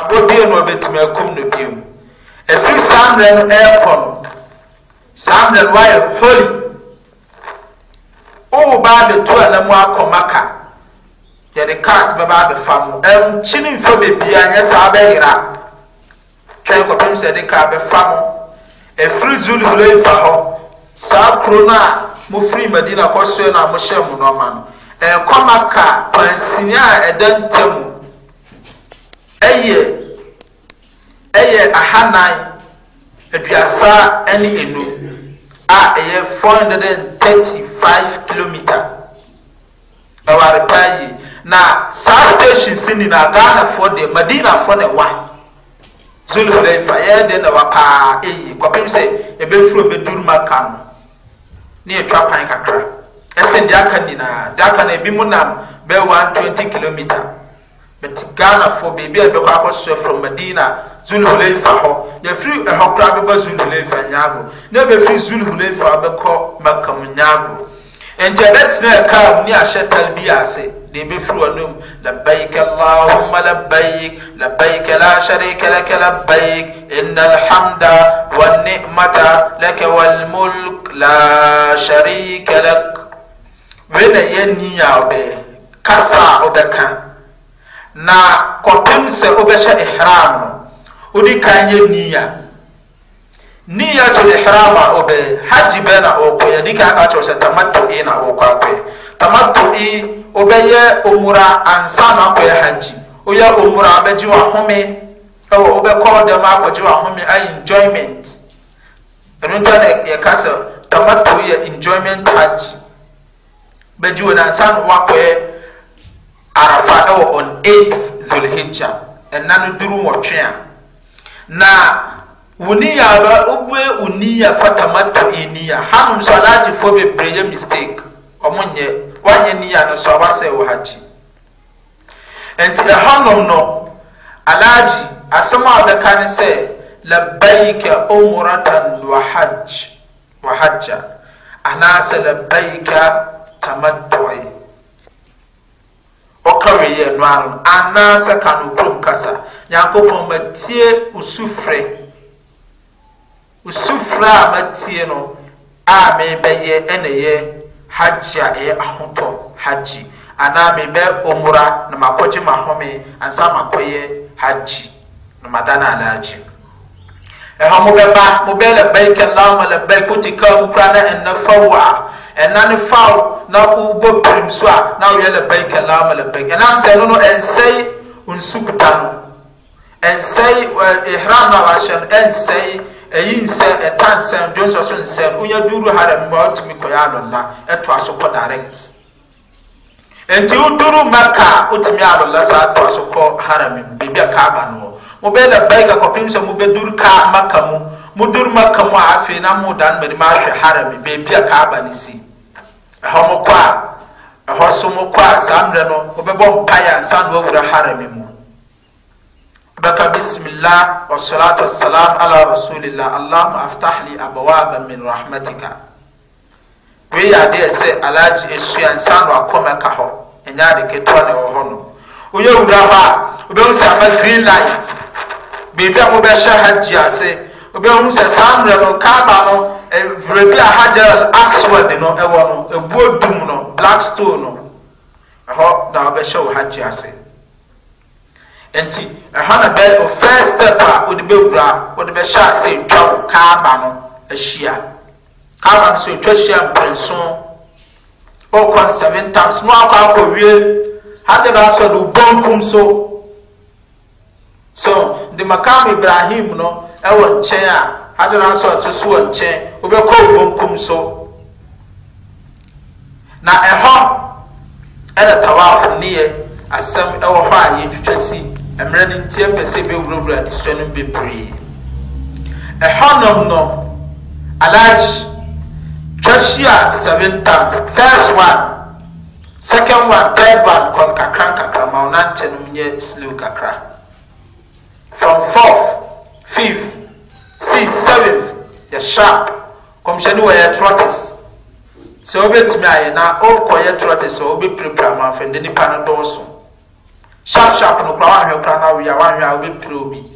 abɔdeɛ na ɔbɛtumi akum no biom ɛfiri saa mmerɛ no ɛrekɔ no saa mmerɛ no wayɛ holy wowo baa bɛtu a na mu akɔ maka yɛde cars bɛba abɛfa mu ɛnkyi no mfa beebi a nyɛ saa bɛyera twɛn kɔpem sɛ de kaa bɛfa mu ɛfiri zulhuleifa hɔ saa kuro no a mofiri madina kɔsoɛ no a mohyɛ mu nɔɔma no ɛrekɔ maka pansini a ɛda ntam ɛyɛ ɛyɛ ahanan aduasa ɛne enum a ɛyɛ four hundred and thirty five kilometre ɛwɔ arepa yi na saa station si ni na ghanafoɔ deɛ madinafoɔ na ɛwa zulhulefa yɛn deɛ na ɛwa paa eyi kɔpem sɛ ebefuru ebeduru maka no ne etwa pan kakra ɛsɛn deɛ aka nyinaa deɛ aka na ebi mu nam bɛ one twenty kilometre. ɛti ghana fo beebi a ɛbɛkɔ akɔsɔ from medina zulhuleifa hɔ yɛfiri ɛhɔ koraa bɛba zulhuleifa nyaago na ɛbɛfiri zulhuleifa abɛkɔ makam nyaago nti ɛbɛtena ɛkaa mu ne ahyɛ tal bi ase de ɛbɛfiri wɔ nom labaik allahumma labaik labaik la sharika laka labaik inna alhamda wanni'mata laka walmulk la sharika lak wei na yɛ ni a ɔbɛ kasa a ɔbɛka na kɔpem sɛ wobɛhyɛ ihram no wodi kan yɛ niya niyatul ihram a ɔbɛ hajj bɛ na ɔkɔ yɛ di kan ka kyerɛ sɛ tamatoi na ɔkɔ akɔɛ tamatoi wobɛyɛ omura ansa na akɔyɛ hajj woyɛ omura abɛgye wahome ɛwɔ wobɛkɔ dɛm akɔgye wahome ayɛ enjoyment ɛno nta na yɛka sɛ tamatoi yɛ enjoyment hajj bɛgye wɔ na ansa na wakɔyɛ arafa ɛwɔ on eight zulhijja ɛna no duru wɔtwe a na wuniya ba ubue uniya fatamata iniya hanom so alaagyefo bebree yɛ mistake ɔmo nyɛ wanyɛ niya no so abasɛ wɔ hagye nti ɛhanom no alaagye asɛm a wɔbɛka ne sɛ labaika umratan wa hajj wa hajja anaasɛ labaika tamattu'i ɔkɔweyɛ no ano anaasɛ ka no kurom kasa nyankopɔn matie usufrɛ usufrɛ a matie no a mebɛyɛ ɛna yɛ hajj a ɛyɛ ahotɔ hajj anaa mebɛ omura na makɔgye mahome ansa makɔyɛ hajj na mada no alaagye ɛhɔ mo bɛba mo bɛ labɛn kɛlɛn ma labɛn ko ti kaa mo kura na ɛnna fawo a ɛnna ne fawo na o bɔ pirim so a na o yɛ labɛn kɛlɛn ma labɛn ɛnam sɛ no no ɛnsɛn nsu kuta no ɛnsɛn ɛ ihram na wahyɛ no ɛnsɛn ɛyi nsɛn ɛta nsɛn dwonso so nsɛn onye duru haram ma ɔtumi kɔ yɛ alɔla ɛto aso kɔ direct nti o duru maka ɔtumi la saa ɛto aso kɔ haram beebi a mo bɛ labbaik kɔpem sɛ mobɛduru kaa maka mu moduru maka mu a afei na modan mani maahwɛ harami baabi a kaaba no si ɛhɔ mo kɔ a ɛhɔ so mo kɔ a saa mmerɛ no wobɛbɔ mpaeɛ ansa na wawura harami mu baka bismillah wasalatu wasalam ala rasulillah allahumma aftah li abawaba min rahmatika wei yɛ adeɛ sɛ alagye ɛsua nsa na wakɔmɛ ka hɔ ɛnyɛ ade na ɛwɔ hɔ no woyɛ wura hɔ a wobɛhu sɛ ama green light biribi a mobɛhyɛ hagye ase wobɛhu sɛ saa mmerɛ no kaaba no mmerɛ bi a hajar aswad no ɛwɔ no ɛbuo dum no black stone no ɛhɔ na wobɛhyɛ wo hagye ase nti ɛhɔ na bɛ o first step a wode bɛwura wode bɛhyɛ ase ntwa wo kaaba no ahyia kaaba no so ɛtwa hyia mprɛnson ɔkɔ no seven times na wakɔ akɔwie hajar aswad wo bɔnkum so so ndị makam ibrahim no ɛwɔ nkyɛn a hajjara nso ɔte so wɔ nkyɛn wobɛkɔ ogonkum so na ɛhɔ ɛna tawaf nneɛ asɛm ɛwɔ hɔ a yɛtwitwa si mmerɛ no nti ɛmpɛ sɛ bɛwurawura adesua no bebree ɛhɔ nom no alaaji twahyia seven times first one second one third one kɔn kakra nkakrama wo nante nom nyɛ slow kakra hyira kɔmhyɛni wɔyɛ trɔtis sɛ wobɛtumi ayɛ na ɔrekɔyɛ trɔtis a wobɛpirepire amanfɛn de nipa no dɔɔso sharp sharp no koraa wahwɛ koraa na awoyɛ a wahwɛ a wobɛpire obi